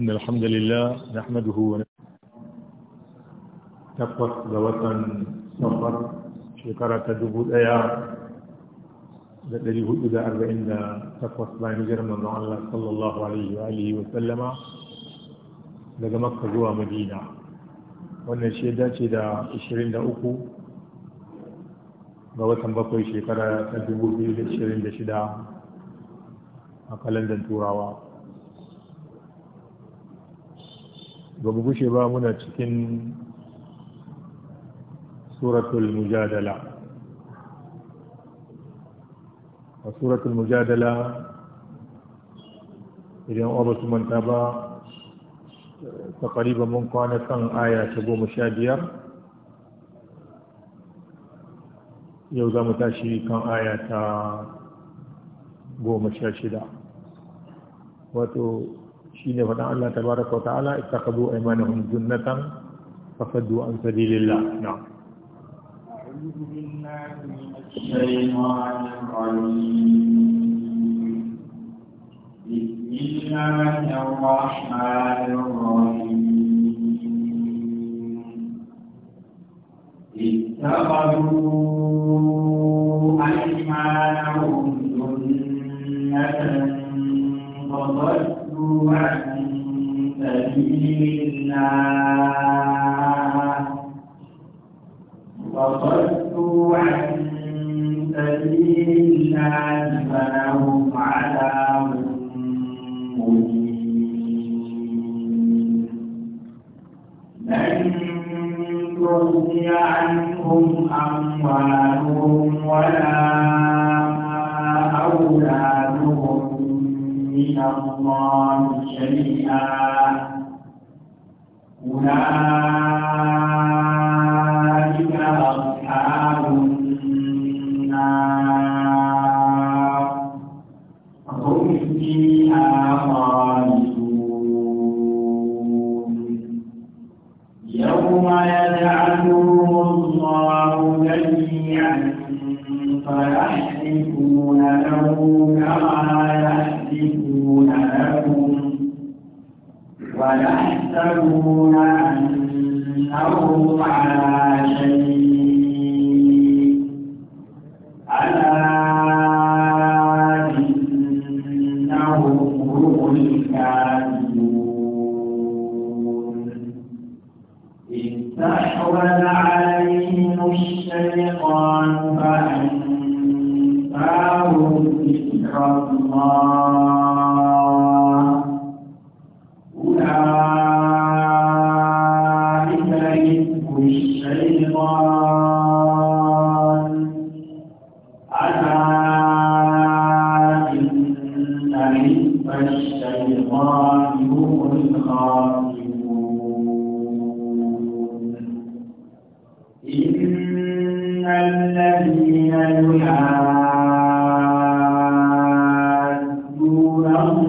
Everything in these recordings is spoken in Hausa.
إن الحمد لله نحمده ونفس دوسا صفر شكرا تدبو الآية الذي هو إذا أربعين تقوص بين الله صلى الله عليه وآله وسلم daga makka zuwa madina wannan shi dace da 23 ga watan bakwai shekara ta 2026 a kalandar turawa ba bushe gushe ba muna cikin suratul mujadala a suratul mujadala idan oba su manta ba ta ba mun kwana kan aya ta goma sha biyar yau za mu tashi kan aya ta goma sha shida wato sini pada Allah tabaraka wa taala ittaqadu aymanuhum junnatan fasaddu an sabilillah nah اتخذوا أيمانهم عن عن سبيل الله فلهم عذاب مهين لن تغني عنهم أموالهم ولا أولادهم من الله شيئا أولئك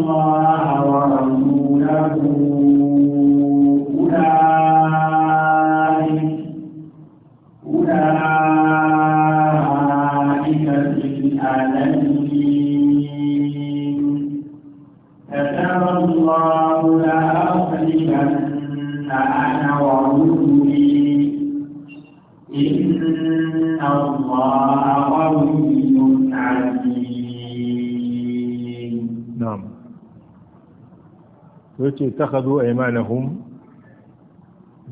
الله ورسوله كتب الله لأغلبن أنا ورسلي إن الله قوي to ce ta hazo a imanahun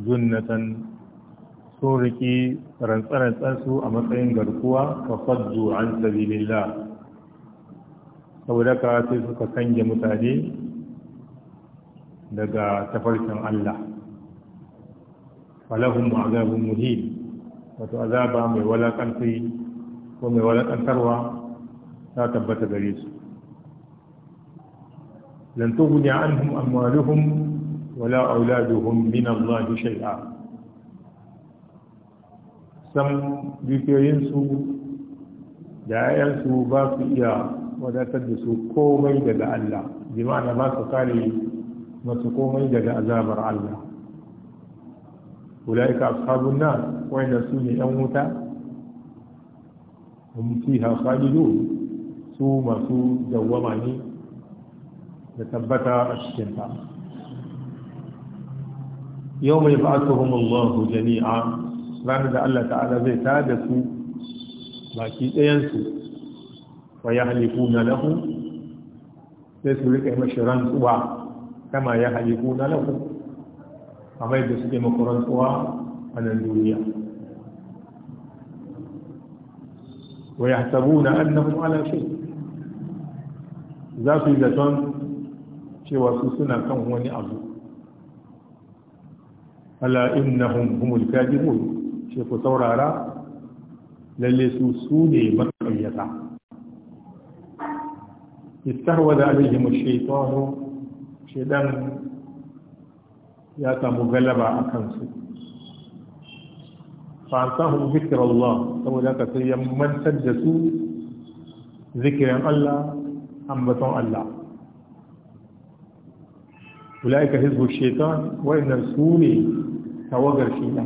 zunnatan sun riƙi rantsarantsansu a matsayin garkuwa ka faddu an sabilillah saboda ka sai suka kange mutane daga tafarkin Allah falahun azabun muhim wato azaba mai walaƙantarwa ta tabbata gare su lan tughni anhum amwaluhum wala auladuhum min Allah shay'a sam dukiyoyin su da 'ya'yansu su ba su iya wadatar da su komai daga Allah bi ma'ana ba kare masu komai daga azabar Allah ulaika ashabun nar wa'inda su ne yan wuta hum fiha khalidun su masu dawwama ne da tabbata a cikinta yau mai ba'atuhum Allah jami'a ranar da Allah ta'ala zai tada su baki ɗayansu wa ya halifu na lahu sai su riƙe mashi rantsuwa kama ya halifu na lahu a mai da suke maku rantsuwa a nan duniya wa ya tabu na annahum ala shi za su yi zaton cewa su suna kan wani abu ala innahum humul kadibun ce ku saurara lalle su su ne makayyata istahwada alaihim ash-shaytanu shaytan ya samu galaba a kansu fa'antahum zikra Allah saboda ka sai ya mantar da su zikirin Allah ambaton Allah اولئك حزب الشيطان وان رسول توغر فينا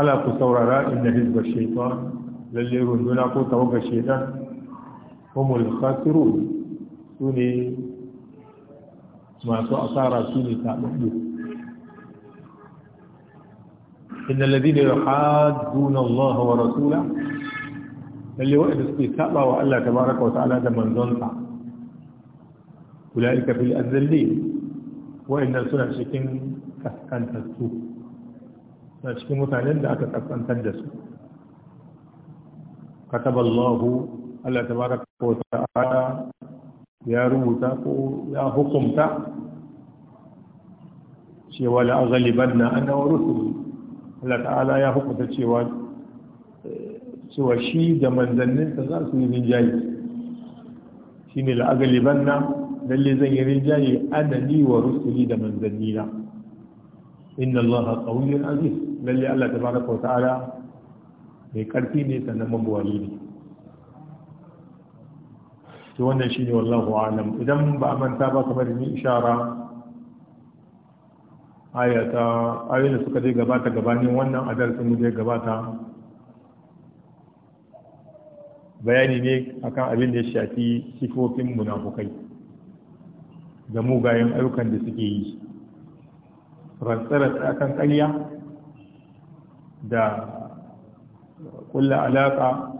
الا تصورا ان حزب الشيطان للي يقولون أقول توغر الشيطان هم الخاسرون سوني ما سوى سوني تعبدوا ان الذين يحادون الله ورسوله للي وقت استثابه والله تبارك وتعالى ده من ظنطه ulaika fil Wa wa'annan suna cikin kaskantattu suna cikin mutanen da aka kaskantar da su kataballahu Allah tabaraka wa ta'ala ya rubuta ko ya hukumta cewa la aghlibanna ana wa rusuli Allah ta'ala ya hukumta cewa cewa shi da manzanninsa za su yi rinjayi shine la aghlibanna lalle zan yi rinjaye adali wa rusuli da manzannina inna allaha qawiyyun aziz lalle Allah tabaraka wa ta'ala mai karfi ne sannan mabuwali ne to wannan shine wallahu alam idan ba manta ba kamar ni ishara ayata ayoyin da suka dai gabata gabanin wannan adar sun dai gabata bayani ne akan abin da ya shafi sifofin munafukai da mugayen ayyukan da suke yi rantsararsa akan ƙarya da kulla alaƙa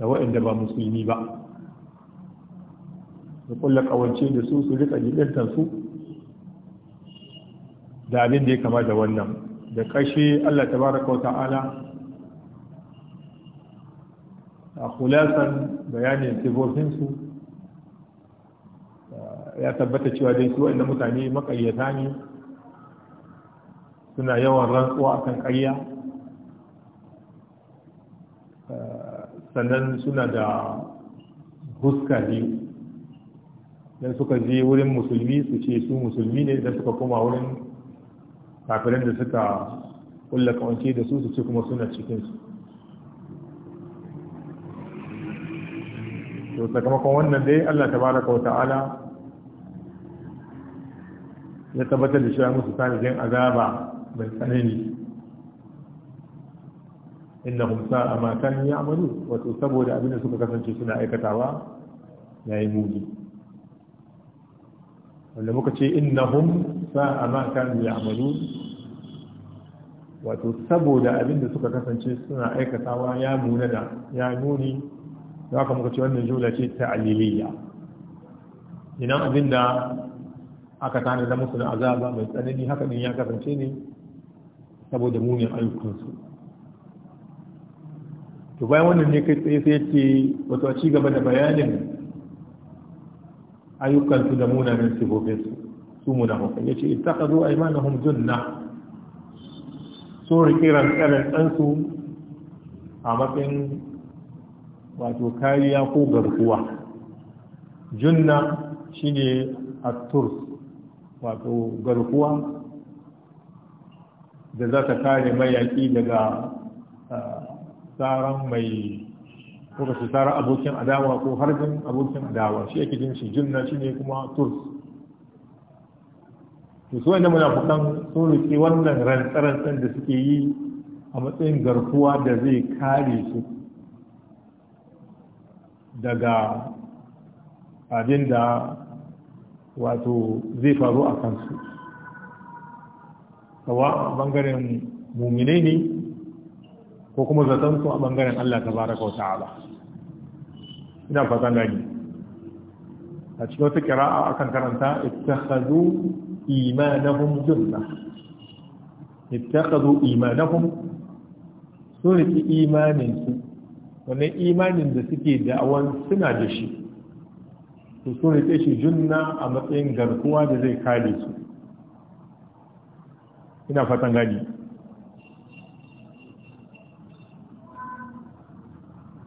da waɗanda ba musulmi ba da kulla ƙawance da su su rika jiɗantar su da abin da ya kama da wannan da ƙashe allah tabaraka wa ta'ala a kulasan bayanin sifofinsu ya tabbata cewa dai su wa'annan mutane makayyata ne suna yawan rantsuwa akan ƙarya sannan suna da huska biyu don suka je wurin musulmi su ce su musulmi ne don suka koma wurin kafirin da suka kulla kawance da su su ce kuma suna cikinsu to sakamakon wannan dai Allah baraka wa ta'ala ya tabbatar da shi ya musu tanadin azaba mai tsanani inda humsa a matan ya amalu wato saboda abinda suka kasance suna aikatawa ya yi muni wanda muka ce inda humsa a matan ya amalu wato saboda abinda suka kasance suna aikatawa ya munana ya muni za ka muka ce wannan jula ce ta ta'aliliya idan abinda aka tana da musu da azaba mai tsanani haka ne ya kasance ne saboda munin ayyukansu to bayan wannan ne kai tsaye sai yake wato a cigaba da bayanin ayyukansu da munanan sifofinsu su munafukai ya ce ittakhadhu aymanahum junna sun rike rantsarar ɗansu a matsayin wato kariya ko garkuwa junna shine turs wato garkuwa da za ta kare mayaƙi daga tsaron mai ko su tsara abokin adawa ko harbin abokin adawa shi ake jin shi jinna shi ne kuma turs to su wanda munafukan sun rike wannan rantsarantsan da suke yi a matsayin garkuwa da zai kare su daga abin da wato zai faru a kansu sawa a bangaren muminai ne ko kuma zaton a bangaren Allah ta baraka wa ta'ala ina fatan gani a cikin wata kira'a akan karanta ittakhadhu imanahum junna ittakhadhu imanahum sun riki imanin su wannan imanin da suke da'awan suna da shi su so rike shi junna a matsayin garkuwa da zai kare su ina fatan gani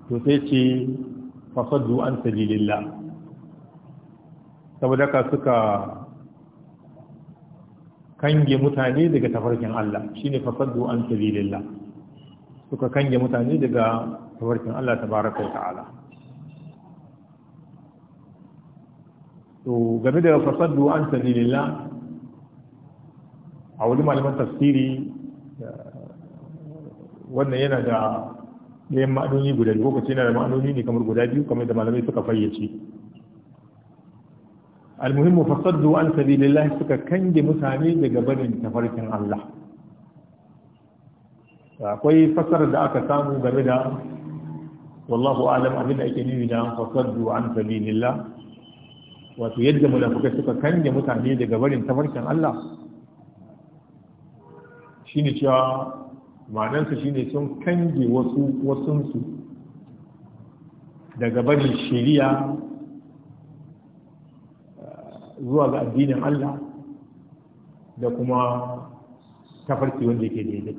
to sai ce fasaddu an sabilillah saboda ka suka kange mutane daga tafarkin Allah shine fasaddu an sabilillah suka kange mutane daga tafarkin Allah tabaraka ta'ala to game da fasaddu an sabilillah a wani malaman tafsiri wannan yana da ɗayan ma'anoni guda biyu lokaci yana da ma'anoni ne kamar guda biyu kamar da malamai suka fayyace almuhimmu fasaddu an sabilillah suka kange mutane daga barin tafarkin Allah akwai fasarar da aka samu game da wallahu alam abin da ake nuni da fasaddu an sabilillah wato yadda munafukai suka kange mutane daga barin tafarkin Allah shine cewa ma'anarsa shine sun kange wasu wasunsu daga barin shari'a eh, zuwa ga addinin Allah da kuma tafarki wanda yake daidai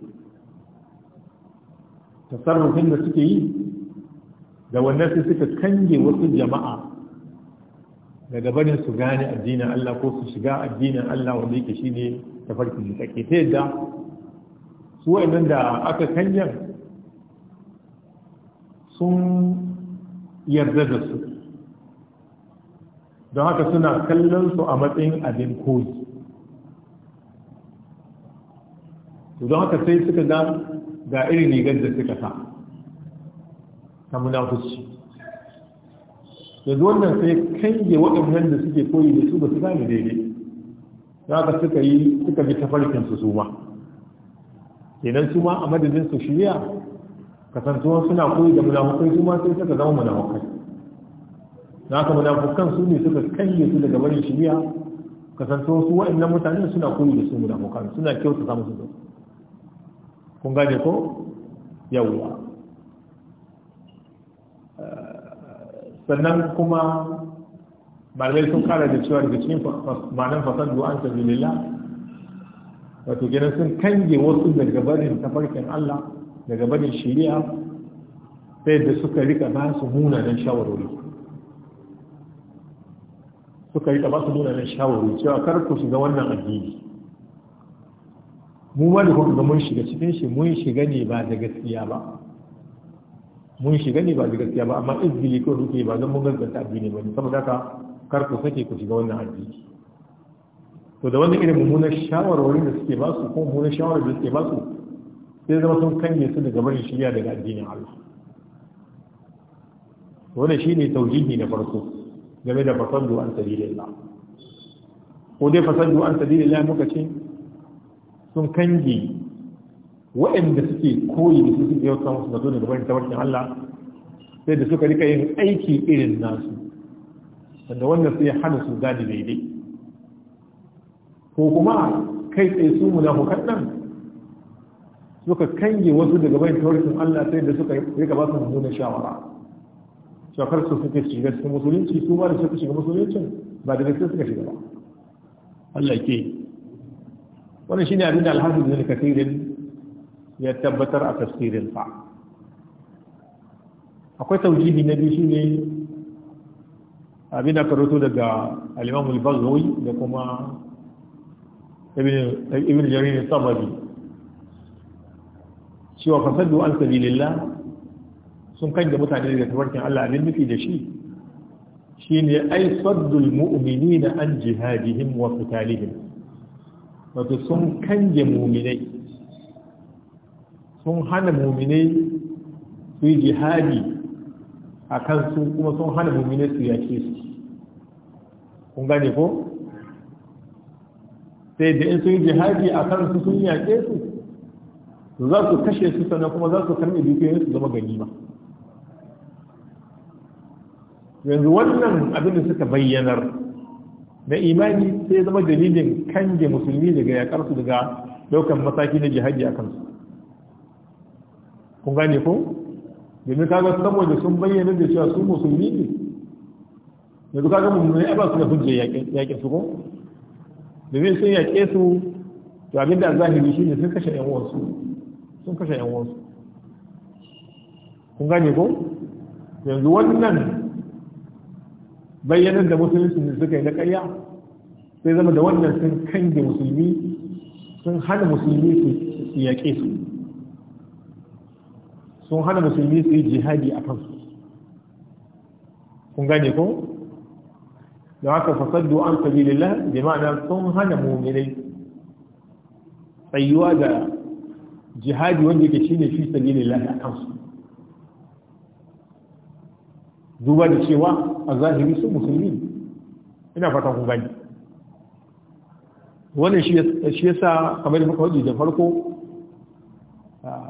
tasarrufin da suke yi da wannan sai suka kange wasu jama'a daga barin su gane addinin Allah ko su shiga addinin Allah wanda yake shi ne farki. da take ta yadda su wa'annan da aka kanyar sun yarda da su don haka suna kallon su a matsayin abin koyi don haka sai suka ga ga irin rigar da suka sa ta munafusci yanzu wannan sai kange waɗannan da suke koyi da su ba su gane daidai za ka suka yi suka bi tafarkinsu su ma kenan su ma a madadin su shirya kasantuwan suna koyi da munafukai su ma sai suka zama munafukai na ka munafukan su ne suka kange su daga barin shirya kasantuwan su waɗannan mutane suna koyi da su munafukan suna kyautata musu da kun gane ko yawwa sannan kuma malamai sun kara da cewa daga cikin ma'anar fasar du'an ta zilila wato gina sun kange wasu daga barin tafarkin Allah daga barin shari'a sai da suka rika ba su don shawarwari suka rika ba su don shawarwari cewa kar ku shiga wannan addini mu wani kuma mun shiga cikin shi mun shiga ne ba da gaskiya ba mun shiga ne ba gaskiya ba amma izgili ko duke ba don mun gaskata addini ba ne saboda haka kar ku sake ku shiga wannan addini to da wannan irin mummunan shawarwarin da suke ba su ko mummunan shawarar da suke ba su sai zama sun kange su daga barin shirya daga addinin Allah wannan shine tauhidi na farko game da fasadu an sabilillah ko dai fasadu an sabilillah muka ce sun kange waɗanda suke koyi da su suke yauta musu zato daga wani tabarkin Allah sai da suka rika yin aiki irin nasu wanda wannan sai hana su gane daidai ko kuma kai tsaye su hukar nan suka kange wasu daga bayan tawarkin Allah sai da suka rika ba su nuna shawara shakar su suke shiga cikin musulunci su ma da suka shiga musulunci ba da gaske suka shiga ba Allah ke wannan shine abin da alhaji bin kafirin ya tabbatar a tafsirinsa akwai taujihi na biyu shine abin da karoto daga al da kuma ibn jarir tabari cewa fasaddu an sabilillah sun kan da mutane daga tabarkin Allah abin nufi da shi shine ai saddul mu'minina an jihadihim wa qitalihim wato sun kan da mu'minai sun hana muminai su yi jihadi a kansu kuma sun hana muminai su yake su kun gane ko sai da in sun yi jihadi a kansu sun yake su to za su kashe su sannan kuma za su karɓi dukiyoyin su zama ganima yanzu wannan abin da suka bayyanar na imani sai zama dalilin kange musulmi daga yakar su daga daukan mataki na jihadi a kansu kun gane ko domin kaga saboda sun bayyana da cewa su musulmi ne yanzu kaga mun ne ba su da hujja yaƙe su ko domin sun yaƙe su to abin da zahiri ne sun kashe ƴan uwansu sun kashe ƴan uwansu kun gane ko yanzu wannan bayyanar da musulunci ne suka yi na ƙarya sai zama da wannan sun kange musulmi sun hana musulmi su yaƙe su sun hana musulmi su yi jihadi a kansu kun gane ko da haka fasaddu an sabilillah bi ma'ana sun hana mu'minai tsayuwa da jihadi wanda yake shine fi sabilillah a kansu duba da cewa a zahiri sun musulmi ina fata kun gani wannan shi yasa kamar da muka da farko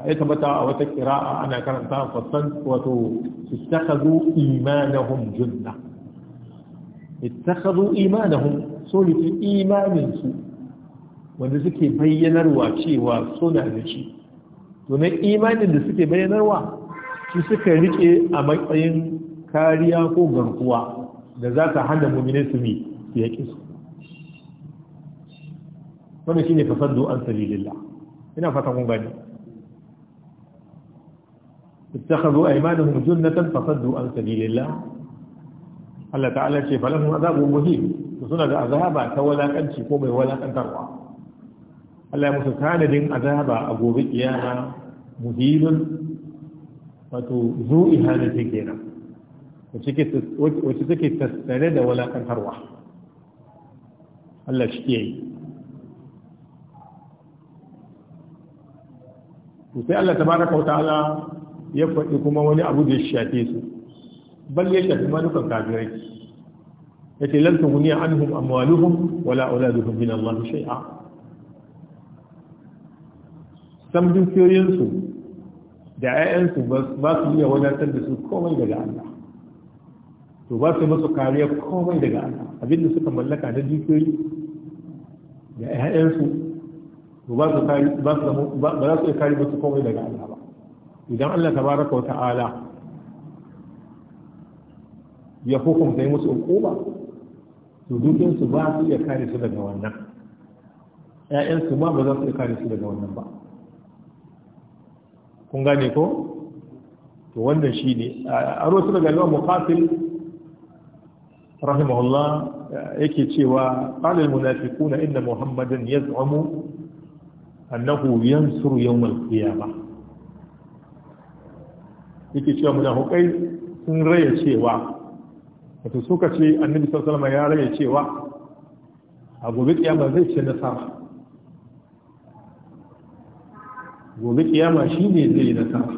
ya tabbata a wata kira'a ana karanta fasan wato ittakhadhu imanahum junna ittakhadhu imanahum so litin imanin su wanda suke bayyanarwa cewa suna da shi to na imanin da suke bayyanarwa shi suka rike a matsayin kariya ko garkuwa da za ka hana mummune su mi su yaƙi su wannan shine fasaddu an sabilillah ina fata kun gani ittakhadhu aymanuhum junnatan fasaddu an sabilillah Allah ta'ala ce falahum azabun muhim suna da azaba ta walakanci ko mai walakantarwa Allah ya musu tanadin azaba a gobe kiyama muhilun wato zu'i halittin kenan wacce take tattare da walakantarwa Allah shi ke yi sai Allah tabaraka wa ta'ala ya faɗi kuma wani abu da ya shafe su bal ya shafi ma dukan kafirai ya ce lantar guniya an hum amwaluhum wala wala auladuhum min Allah shay'a san dukiyoyinsu da 'ya'yansu ba su iya wadatar da su komai daga Allah to ba su masu kariya komai daga Allah abinda suka mallaka na dukiyoyi da 'ya'yansu ba su ba su iya kari masu komai daga Allah idan Allah tabaraka ta'ala ya hukunta yi musu hukuma to dukinsu ba su iya kare su daga wannan ‘ya'yansu ma ba za su iya kare su daga wannan ba kun gane ko? to wannan shi ne a rosu daga yawan mukafil rahimahullah yake cewa ƙalil munafiquna inna muhammadan yaz'amu annahu yansuru yawmal qiyamah yake cewa munafukai sun raya cewa wato suka ce annabi sallallahu ya raya cewa a gobe kiyama zai ce nasara gobe kiyama shine zai nasara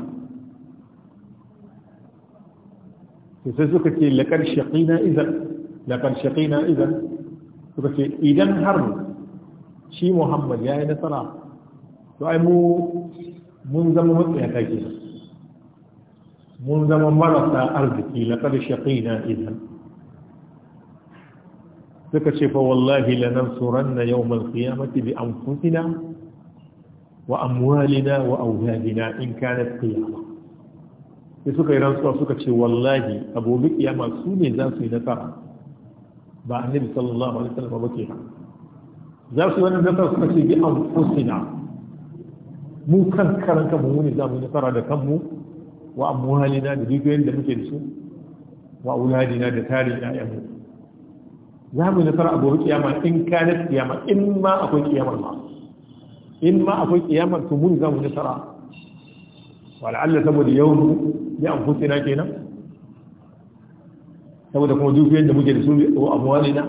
to sai suka ce laqad shaqina idan laqad shaqina idan suka ce idan har shi Muhammad ya yi nasara to ai mu mun zama matsayata kenan mun zama marasa arziki laqad shaqina idan suka ce fa wallahi tsoron lanansuranna yawm alqiyamati bi anfusina wa amwalina wa awladina in kanat qiyama sai suka yi rantsuwa suka ce wallahi abubu kiyama su ne za su yi na nasara ba annabi sallallahu alaihi wasallam ba ke za su yi wani nasara suka ce bi anfusina mu kan karan mu ne za mu yi nasara da kanmu wa amwalina da dukiyoyin da muke da su wa auladina da tarin mu. za mu nasara fara gobe kiyama in kanat kiyama in ma akwai kiyamar ma in ma akwai kiyamar to mun za mu fara. wa la'alla saboda yau ya anfusina kenan saboda kuma dukiyoyin da muke da su wa amwalina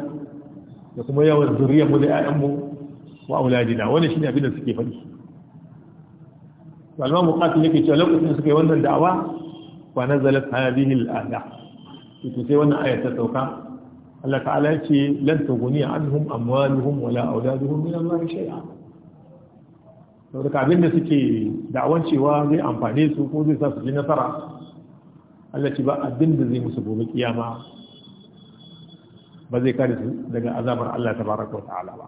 da kuma yawan mu da mu wa auladina wannan shine abin da suke faɗi walma muqatil yake cewa lokacin suka yi wannan da'awa wa nazalat hadhihi al-aya to sai wannan aya ta sauka Allah ta'ala ya ce lan tughni anhum amwaluhum wala auladuhum min Allah shay'a saboda abin da suke da'awan cewa zai amfane su ko zai sa su ji nasara Allah ce ba abin da zai musu gobe kiyama ba zai kare su daga azabar Allah tabaraka wa ta'ala ba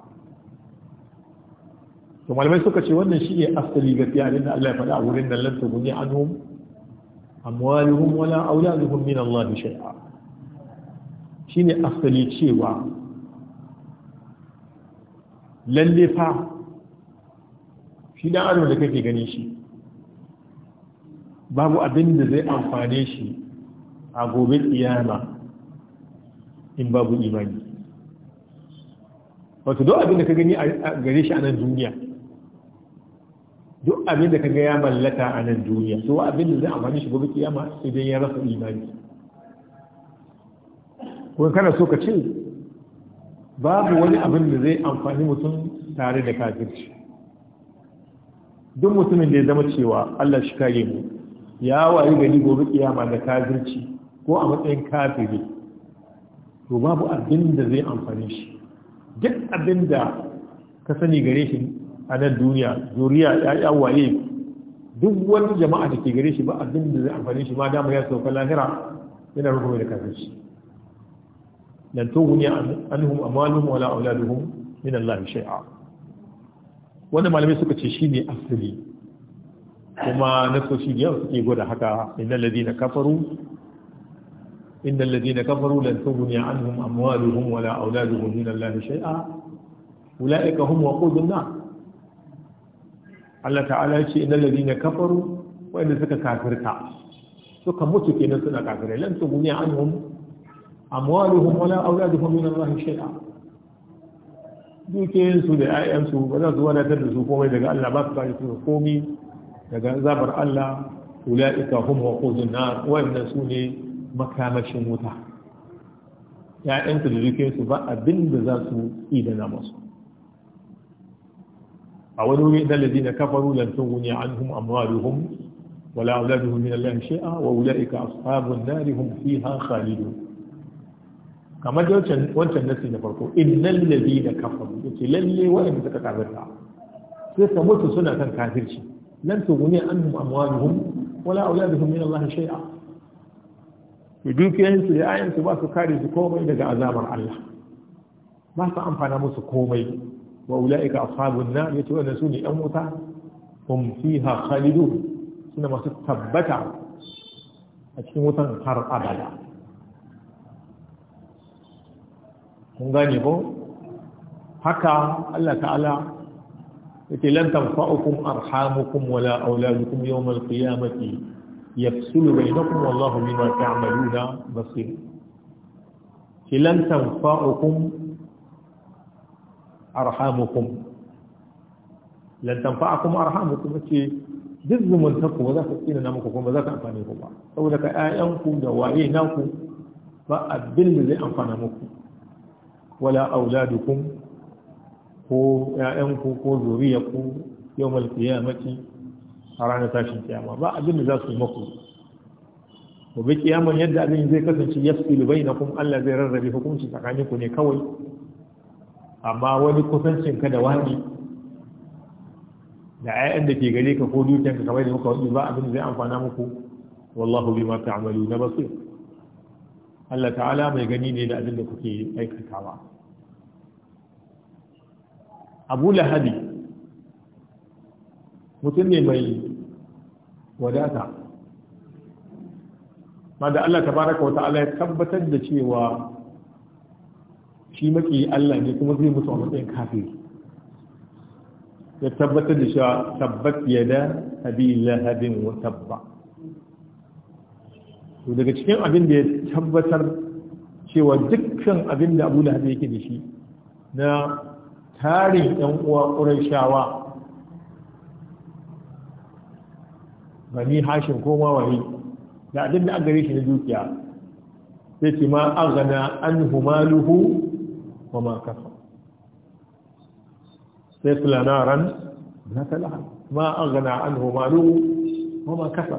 to malamai suka ce wannan shi ne asali ga fiyarin da Allah ya faɗa a wurin nan lantar guni an hum amwaluhum wala auladuhum min Allah shay'a shi ne asali cewa lalle fa shi dan adam da kake gani shi babu abin da zai amfane shi a gobe tsiyama in babu imani wato duk abin da ka gani a gare shi a nan duniya duk abin da ka ga ya mallaka a nan duniya to abin da zai amfani shi gobe kiyama idan ya rasa imani ko kana so ka ce babu wani abin da zai amfani mutum tare da kafirci duk mutumin da ya zama cewa Allah shi kare mu ya wayi gani gobe kiyama da kafirci ko a matsayin kafiri to babu abin da zai amfani shi duk abin da ka sani gare shi a nan duniya zuriya ya yi waye duk wani jama'a da ke gare shi ba abin da zai amfani shi ma dama ya sauka lahira yana rufe da shi. kafirci lan tughni anhum amaluhum wala auladuhum min Allah shay'a wannan malamai suka ce shine asali kuma na nasoshi da yawa suke gwada haka innal ladina kafaru innal ladina kafaru lan tughni anhum amwaluhum wala auladuhum min Allah shay'a ulaika hum waqudun nar Allah ta'ala ya ce innal ladina kafaru wanda suka kafirta suka mutu kenan suna kafirai lan tughni anhum amwaluhum wala auladuhum min Allah shay'a dukiyoyin su da ƴaƴan su ba za su wadatar da su komai daga Allah ba su ba su komi daga zabar Allah ulaika hum waqudun nar wa'annan su ne makamashin wuta ƴaƴan su da dukiyoyin ba abin da za su idana masu a wani wuri idan ladina kafaru lan tughni anhum amwaluhum wala auladuhum min Allah shay'a wa ulaika ashabun nar hum fiha khalidun kamar da wancan wancan nasi na farko in innal ladina kafaru ce lalle wani wa'anda suka kafirta sai ka mutu suna kan kafirci lan tughni anhum amwaluhum wala auladuhum min Allah shay'a dukiyansu da ayansu ba su kare su komai daga azabar Allah ba su amfana musu komai وأولئك أصحاب النار يتونسون أموتا هم فيها خالدون سنة ما ستثبت أتموتا هر أبدا مغانبو حكا الله تعالى إذا لن تنفعكم أرحامكم ولا أولادكم يوم القيامة يفصل بينكم والله بما تعملون بصير لن تنفعكم arhamukum lan tanfa'akum arhamukum ce duk zumuntarku ba za ka tsina na muku ba za ka amfane ku ba saboda ka ku da waye naku ba abin da zai amfana muku wala auladukum ko ƴaƴanku ko zuriyarku ya qiyamati a ranar tashin kiyama ba abin da za su muku bi kiyaman yadda abin zai kasance yasfilu bainakum Allah zai rarrabe hukunci tsakaninku ne kawai amma wani kusancin ka da wani da ayyan da ke gare ka ko dukiyar ka kamar da muka wani ba abin da zai amfana muku wallahu bima na basir Allah ta'ala mai gani ne da abin da kuke aikatawa Abu Lahabi mutum ne mai wadata ma da Allah tabaraka wa ta'ala ya tabbatar da cewa shi maki Allah ne kuma zai mutu a matsayin kafiri ya tabbatar da cewa tabbat yada abi lahabin wa tabba to daga cikin abin da ya tabbatar cewa dukkan abin da Abu Lahab yake da shi na tarin ɗan uwa Qurayshawa bani Hashim ko mawaye da abin da aka gare shi na dukiya sai ce ma aghna anhu maluhu wa ma kafa sai kula naran na talaha ma an gana an homalu wa ma kafa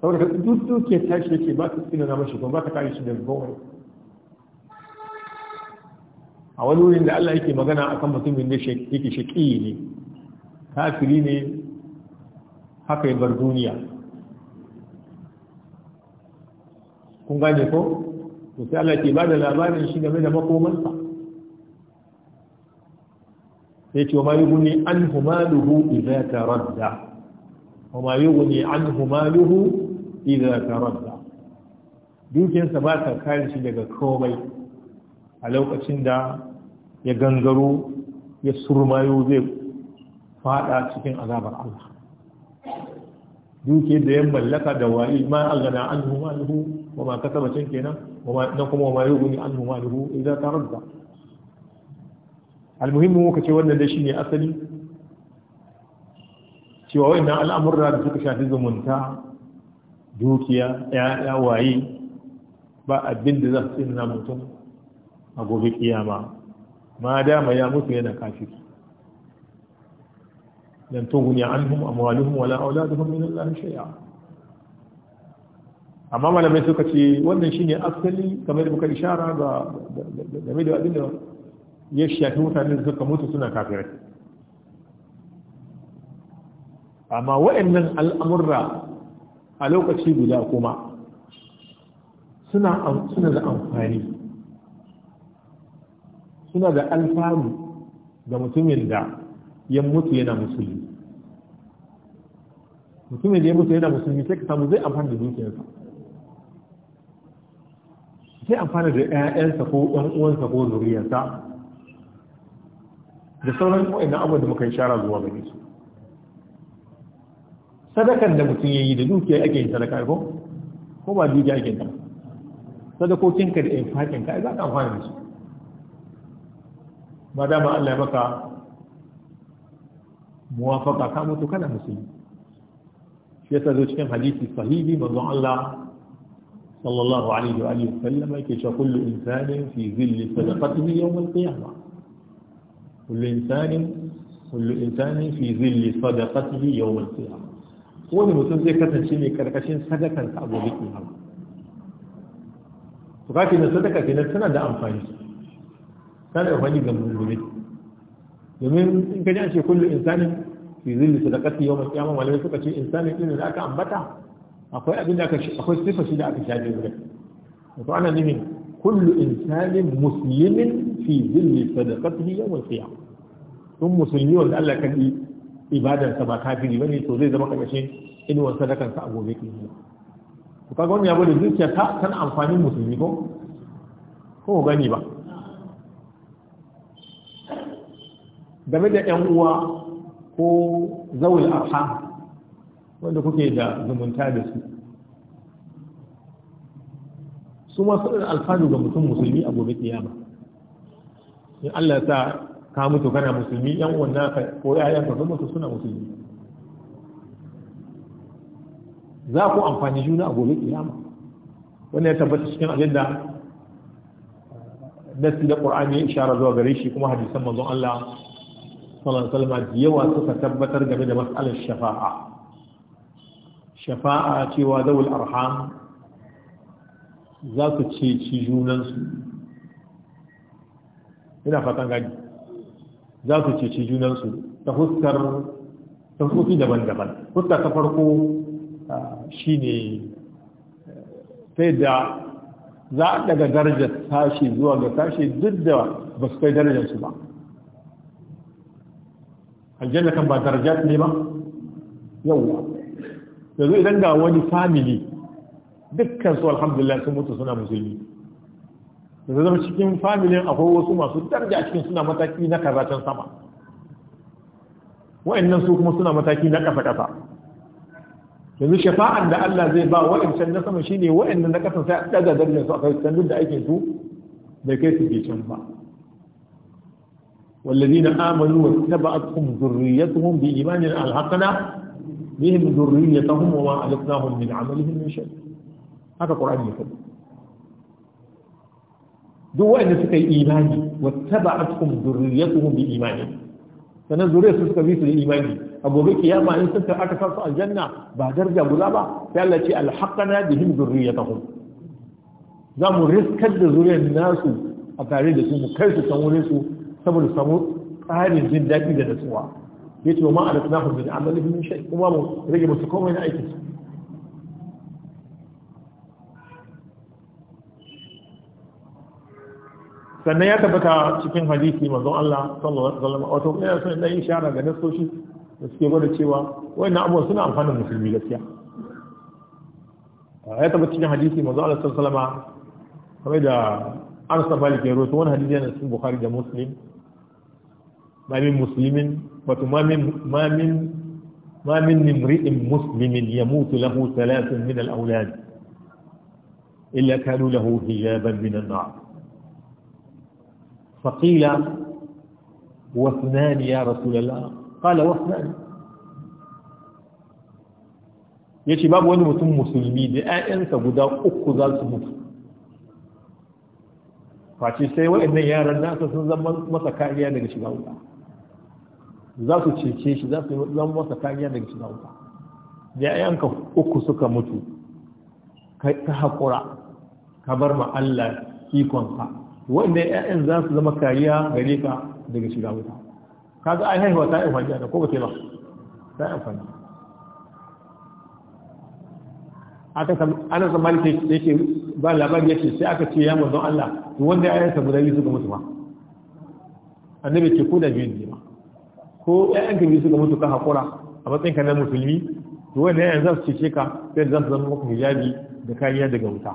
saboda duk duke tashi yake ba ka tsina na mashi kuma ba ka kare shi da zuwa, a wani wurin da Allah yake magana akan mutumin da yake shaƙi ne kafiri ne haka ya bar duniya kun gane ko to ke ba da labarin shi game da makomansa sai ce ma yughni anhu maluhu idza taradda wa ma yughni anhu maluhu idza taradda dukiyarsa ba ta kare shi daga komai a lokacin da ya gangaro ya surmayo zai fada cikin azabar Allah dukiyar da ya mallaka da wa'i ma agana anhu maluhu wa ma kasaba kenan na kuma wa mayu guni an huma duhu idan ta rabba almuhimmi muka ce wannan da shi ne asali cewa wa'annan al'amurra da suka shafi zumunta dukiya ya waye ba abin da za su tsinna mutum a gobe kiyama ma dama ya mutu yana kafiri lan tughni anhum amwaluhum wala auladuhum min Allah shay'a amma malamai suka ce wannan shine asali kamar da muka ishara ga game da abin da ya shafi mutane da suka mutu suna kafirai amma nan al'amurra a lokaci guda kuma suna da amfani suna da alfaru ga mutumin da ya mutu yana musulmi mutumin da ya mutu yana musulmi sai ka samu zai amfani da dukiyarsa sai amfana da ƴaƴansa ko ɗan uwansa ko zuriyarsa da sauran wa'annan abubuwan da muka yi shara zuwa gare su sadakan da mutum yayi da dukiya ake yin sadaka ko ko ba dukiya ake yin ta sadakokinka da fakin ka za ka amfana da su ba dama Allah ya baka muwafaka ka mutu kana musulmi shi yasa zo cikin hadisi sahihi manzon Allah صلى الله عليه وآله وسلم كيش كل إنسان في ظل صدقته يوم القيامة كل إنسان كل إنسان في ظل صدقته يوم القيامة قول مسلم كتن شيني كركشين صدقا تعبو بك الله فقاتي نصدقا في سنة دا أمفاني سنة أمفاني جمعون بك يمين إن كان كل إنسان في ظل صدقته يوم القيامة ولم يسوك شيء إنسان إنه لأك أمبتا akwai abin da aka akwai sifa shi da aka shafe wurin to ana nufin kullu insanin muslimin fi zilli sadaqatihi yawm al-qiyam duk musulmi wanda Allah kan yi ibadar sa ba kafiri bane to zai zama kamashin inuwar sadakar sa a gobe kiyama to kaga wannan ya bada zuciya ta tana amfanin musulmi ko ko gani ba game da yan uwa ko zawul arham wanda kuke da zumunta da su su masu irin alfanu ga mutum musulmi a gobe kiyama in Allah ya sa ka mutu kana musulmi yan uwan ka ko yayan ka mutu suna musulmi za ku amfani juna a gobe kiyama wannan ya tabbata cikin abinda nasi da qur'ani ya ishara zuwa gare shi kuma hadisan manzon Allah sallallahu alaihi wasallam yawa suka tabbatar game da mas'alar shafa'a shafa'a cewa zawul arham za su ceci junansu ina fatan gani za su ceci junansu ta fuskar tafofi daban-daban fuskar ta farko shi ne, sai eh, da za a daga darajar tashi zuwa ga tashi duk da ba su kai darajarsu ba aljanna kan ba darajar ne ba yawwa yanzu idan ga wani family dukkan su alhamdulillah sun mutu suna musulmi da zama cikin familin akwai wasu masu darja a cikin suna mataki na karatun sama wa'annan su kuma suna mataki na ƙasa-ƙasa yanzu shafa'an da Allah zai ba wa'ancan na sama shine wa'annan na ƙasa sai daga dalilin su akai san da aikin su bai kai su can ba Amanu والذين آمنوا واتبعتهم bi imanin ألحقنا bihim dhurriyyatahum wa ma alifnahum min amalihim min shay haka qur'ani ya faɗi duk wanda suka yi imani wattaba'atkum dhurriyyatuhum bi imani sanan zuriyar su suka bi su da imani a gobe kiyama in sun aka sa su aljanna ba daraja guda ba sai Allah ce alhaqana bihim dhurriyyatahum za mu riskar da zuriyar nasu a tare da su mu kai su san wurin su saboda samu tsarin jin daɗi da natsuwa ya ce wa ma'ana suna hulun an lalifin min shai kuma mu rage musu komai na aikin su sannan ya tabbata cikin hadisi manzon Allah sallallahu alaihi wasallam wato ina son dan ishara ga nasoshi da suke gwada cewa wayannan abuwa suna amfanin musulmi gaskiya ya tabbata cikin hadisi manzon Allah sallallahu alaihi wasallam kamar da Anas bin Malik ya rawaito wannan hadisi ne cikin Bukhari da Muslim ما من مسلم ما من ما من ما من امرئ مسلم يموت له ثلاث من الاولاد الا كانوا له حجابا من النار فقيل واثنان يا رسول الله قال واثنان يجي باب وين متم مسلمي دي اي ان تغدا اوكو زال سموت فاتي سي وين يا رنا سن زمان متكاليا دغ شباب الله za su cece shi za su zan masa kariya daga shiga wuta da yayanka uku suka mutu ka haƙura ka bar ma Allah ikonka wanda yayan za su zama kariya gare ka daga shiga wuta kaga ai haihuwa ta amfani da ko ba ta ba ta amfani aka ana zamani ke yake ba labari yake sai aka ce ya mazan Allah to wanda yayan sa guda biyu suka mutu ba annabi ce ko da biyu ne ba ko 'ya'yan kan biyu suka mutu ka haƙura a matsayin ka na musulmi to wani 'ya'yan za su cece ka sai za su zama maka hijabi da kariya daga wuta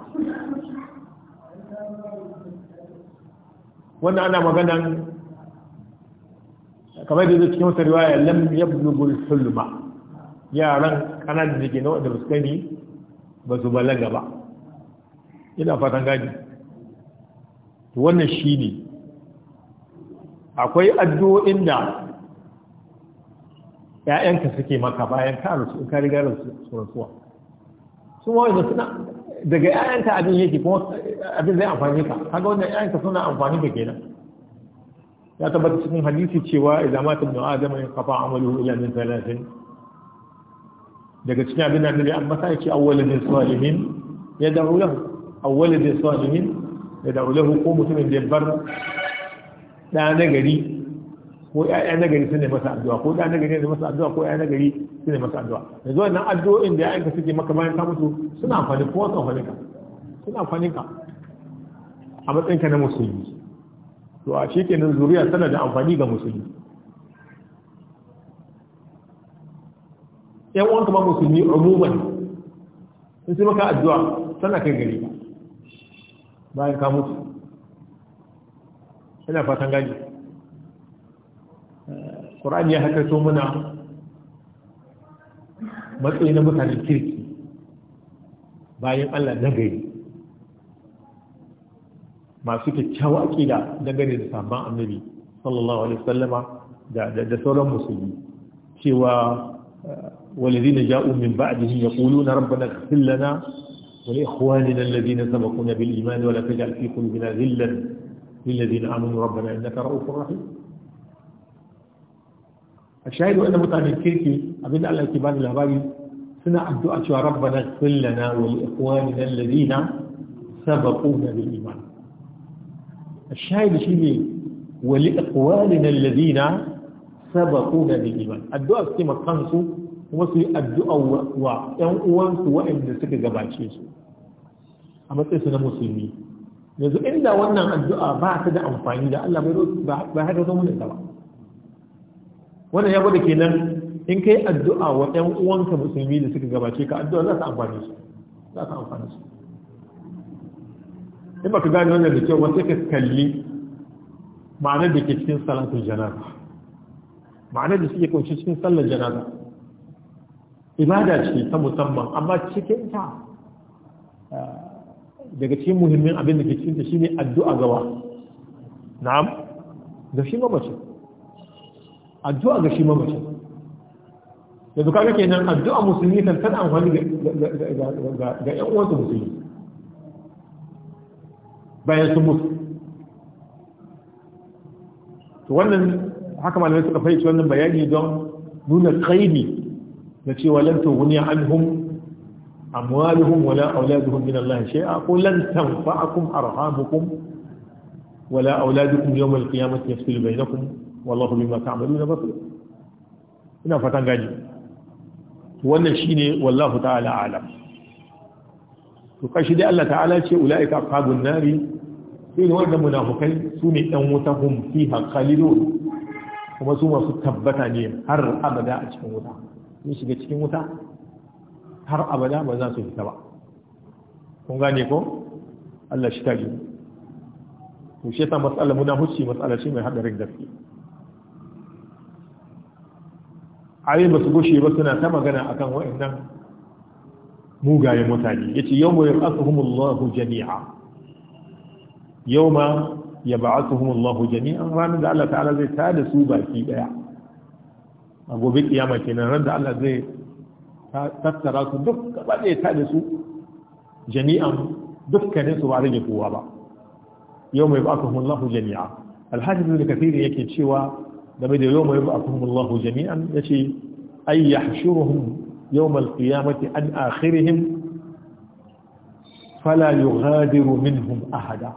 wannan ana maganan kamar da zai cikin wata riwaya lam yablughul sulma yaran kanan da ke na wanda ba su ba su balaga ba ina fatan gani wannan shi ne akwai addu'o'in da ‘ya'yanka suke maka bayan ka rasu in ka riga su rasuwa su ma wanda suna daga ‘ya'yanka abin yake kuma abin zai amfani ka kaga wanda ‘ya'yanka suna amfani da kenan ya tabbata cikin hadisi cewa idan mata ibn adam ya kafa amalu ila min thalathin daga cikin abin da annabi amma sai ce awwal min salihin ya da'u lahu awwal min salihin ya da'u lahu ko mutumin da bar da na gari ko ƴaƴa na gari suna masa addu'a ko da na gari ne masa addu'a ko ƴaƴa na gari suna masa addu'a yanzu wannan addu'o'in da ƴaƴanka suke maka bayan ka mutu suna amfani ko wasu amfani ka suna amfani ka a matsayin ka na musulmi to a shi kenan zuriya tana da amfani ga musulmi ƴan uwanka ma musulmi umuman in sai maka addu'a tana kai gari bayan ka mutu ina fatan gani ƙur'ani ya hakato muna matsayi na mutanen kirki bayan allah na gari masu kyakkyawa aƙida dangane da sabon annabi sallallahu alaihi sallama da sauran musulmi cewa والذين جاءوا من بعدهم يقولون ربنا اغفر لنا ولإخواننا الذين سبقونا بالإيمان ولا تجعل في قلوبنا ذلا للذين آمنوا ربنا إنك رؤوف رحيم a shahidu wannan mutanen kirki abinda Allah ke bani labari suna addu'a cewa rabbana ighfir lana wa li ikhwanina alladhina sabaquna bil iman الشاهد شيء ولإقوالنا الذين سبقونا addu'a wa كما كانسو وفي الدعاء suka gabace su سكة جباشيس su na musulmi yanzu inda wannan addu'a ba ta da amfani da Allah bai ba haka mun da ba wannan ya bada kenan in kai addu'a wa ɗan uwanka musulmi da suka gabace ka addu'a za su amfani su za ka amfani su in ba ka gane wannan da kyau wasu ka kalli ma'anar da ke cikin salatul janaza ma'anar da suke kunshi cikin sallar janaza ibada ce ta musamman amma cikin ta daga cikin muhimmin abin da ke cikin ta shine addu'a gawa na'am da shi mabacin addu'a ga shi mamacin duka kaga kenan addu'a musulmi kan tana amfani ga ‘yan uwansu musulmi bayan sun mutu to wannan haka malamai suka fahimci wannan bayani don nuna kaini na cewa lan a anhum amwaluhum wala auladuhum min Allah shay'a ko lan tanfa'akum arhamukum wala auladukum yawm al-qiyamati yafsilu bainakum wallahu mimma ta'maluna basir ina fatan gani wannan shine wallahu ta'ala alam to kashi dai Allah ta'ala ce ulaika aqabun nari sai wannan munafikai su ne dan wuta hum fiha khalidun kuma su masu tabbata ne har abada a cikin wuta sun shiga cikin wuta har abada ba za su fita ba kun gane ko Allah shi ta ji to shi ta mas'ala munafici mas'ala ce mai hadarin gaskiya ayoyin ba su gushe ba suna ta magana akan waɗannan mugayen mutane yace yawma yab'athuhumullahu jami'a yawma yab'athuhumullahu jami'a ranar da Allah ta'ala zai tada su baki daya a gobe kiyama kenan ran da Allah zai tattara su duk gaba zai tada su jami'an dukkanin su ba rage kowa ba yawma yab'athuhumullahu jami'a alhaji ibn kathir yake cewa game da yawma yab'athuhum Allahu jami'an yace ay yahshuruhum yawm al-qiyamati an akhirihim fala yughadiru minhum ahada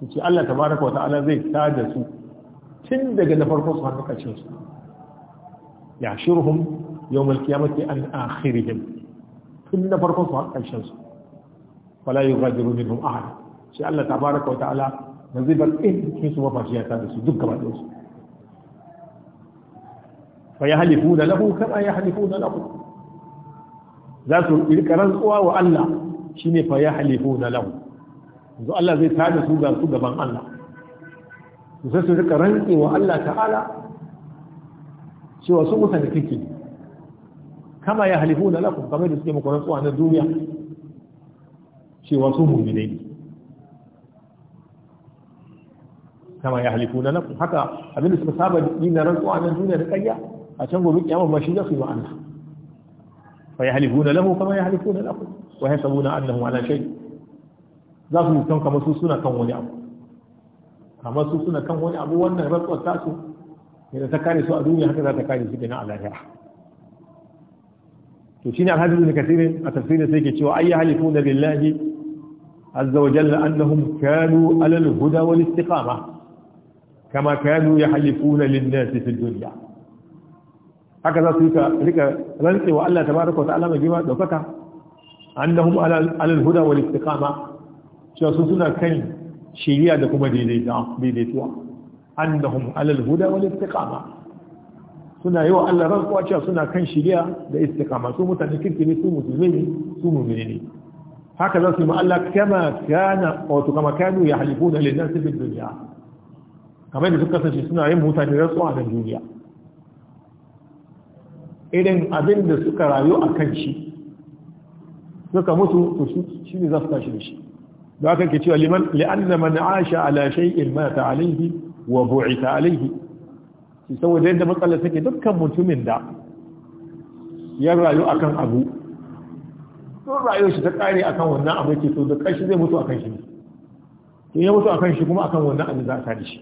yace Allah tabaaraka wa ta'ala zai tada su tun daga na farko su har kacin su yahshuruhum yawm al-qiyamati an akhirihim tun na farko su har kacin su fala yughadiru minhum ahada shi Allah tabaaraka wa ta'ala ba zai bar ɗin cikin su mafashi ya su duk gaba ɗaya su fa yahlifuna lahu kama yahlifuna lakum za su rika rantsuwa wa Allah shine fa yahlifuna lahu yanzu Allah zai tada su ga su gaban Allah sai su rika wa Allah ta'ala cewa su mutane kike kama ya halifu na lakum kamar da suke muku rantsuwa na duniya cewa su mu'minai ne kama ya halifu na lakum haka abinda suka saba yi na rantsuwa na duniya da ƙarya أتنظر القيامة ما شيء يصيب عنها فيحلفون له كما يحلفون له ويحسبون أنه على شيء ذاته كم كما سوسنا كم ولي أبو كما سوسنا كم ولي أبو وأن ربط التأس إذا تكاري سوء دوني حتى تكاري سبنا على هرح تشين على هذا ابن كثير التفسير سيك شو أي يحلفون بالله عز وجل أنهم كانوا على الهدى والاستقامة كما كانوا يحلفون للناس في الدنيا haka za su yi ka rika wa Allah ta tabaraka wa ta'ala mai girma daukaka da ala al-huda wal istiqama cewa sun suna kan shiriya da kuma daidaituwa an da ala al-huda wal istiqama suna yi wa Allah rantsuwa cewa suna kan shiriya da istikama. su mutane kirki ne su musulmi ne su mummuni ne haka za su yi ma Allah kama kana wato kama kanu yahlifuna lin-nasi bid-dunya kamar da suka kasance suna yin mutane rantsuwa a duniya irin abin da suka rayu a kan shi suka mutu to shi ne za su tashi da shi da aka ke cewa liman da man aisha ala shay'in mata alayhi wa bu'ita alayhi shi saboda yadda matsalar take dukkan mutumin da ya rayu a kan abu to rayu shi ta kare kan wannan abu ke so da kashi zai mutu a kan shi ne ya mutu a kan shi kuma a kan wannan abu za a tashi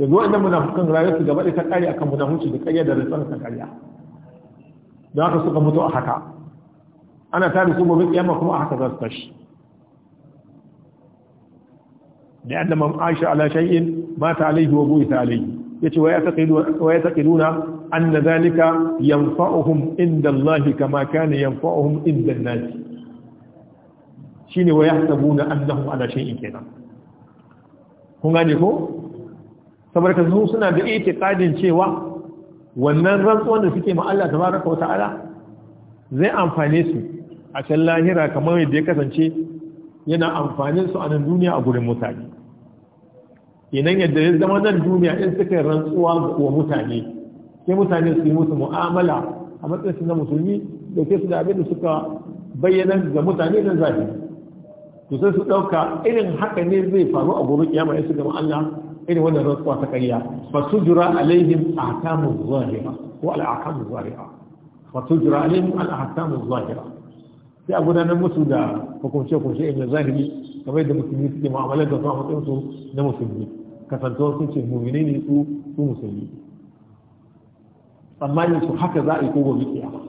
yanzu wa'annan munafukan rayu su gaba da ta kare kan munafunci da ƙarya da rantsuwar ta ƙarya da haka suka mutu a haka ana tare su gobe kiyama kuma a haka za su tashi da anna man aisha ala shay'in mata alayhi wa buita alayhi yace wa yataqiduna wa yataqiduna anna dhalika yanfa'uhum inda Allah kama kana yanfa'uhum inda an-nas shine wa yahsabuna annahum ala shay'in kenan kun gane ko saboda kasu suna da itiqadin cewa wannan rantsuwan da suke ma Allah tabaraka wa ta'ala zai amfane su a can lahira kamar yadda ya kasance yana amfanin su a nan duniya a gurin mutane idan yadda ya zama nan duniya in suka yi rantsuwa wa mutane sai mutane su yi musu mu'amala a matsayin su na musulmi da ke su da abin da suka bayyana ga mutane nan zafi, to sai su ɗauka irin haka ne zai faru a gurin kiyama ya su gama Allah irin wannan rantsuwa ta ƙarya fa tujra alaihim ahkamu zahira ko al ahkamu zahira fa tujra alaihim al ahkamu zahira sai a gudanar musu da hukunce hukunce inda zahiri kamar da musulmi suke mu'amalar da su a matsayin su na musulmi kasantuwar sun ce mumini ne su su musulmi tsammanin su haka za a yi ko gobe kiyama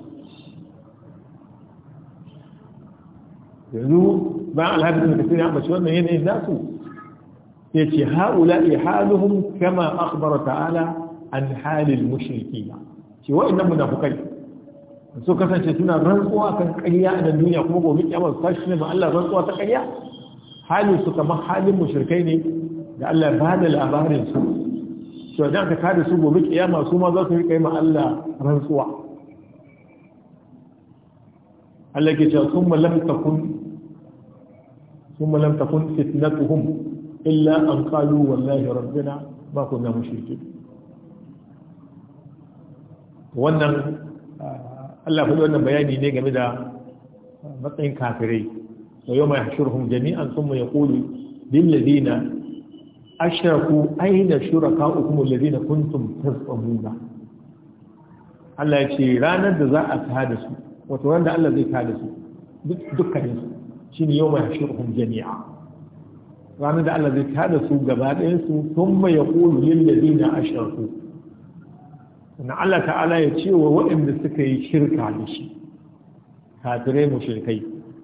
yanzu bayan alhaji da kasiri an bashi wannan yanayin nasu sai ce haula'i haluhum kama akhbara ta'ala an halil mushrikina ce wa'annan munafukai su kasance suna rantsuwa kan ƙarya a duniya kuma gobe kiyama su tashi ne ma Allah rantsuwa ta ƙarya halin su kamar halin mushrikai ne da Allah ba da labarin su to dan ka kada su gobe kiyama su ma za su rika yi ma Allah rantsuwa Allah ke cewa summa lam takun summa lam takun fitnatuhum illa an qalu wallahi rabbina ba ku na wannan Allah faɗi wannan bayani ne game da matsayin kafirai wa yau mai hashurhum jami'an sun mai kulu lillazina ashraku aina shuraka'ukum allazina kuntum tasbahuna Allah ya ce ranar da za a tada su wato ranar da Allah zai tada su dukkanin su shine yau mai hashurhum jami'a ranar da Allah zai tada su gaba ɗayan su sun mai ya ƙulu lillazi na ashirku na Allah ta'ala ya ce wa waɗanda suka yi shirka da shi kafirai mushrikai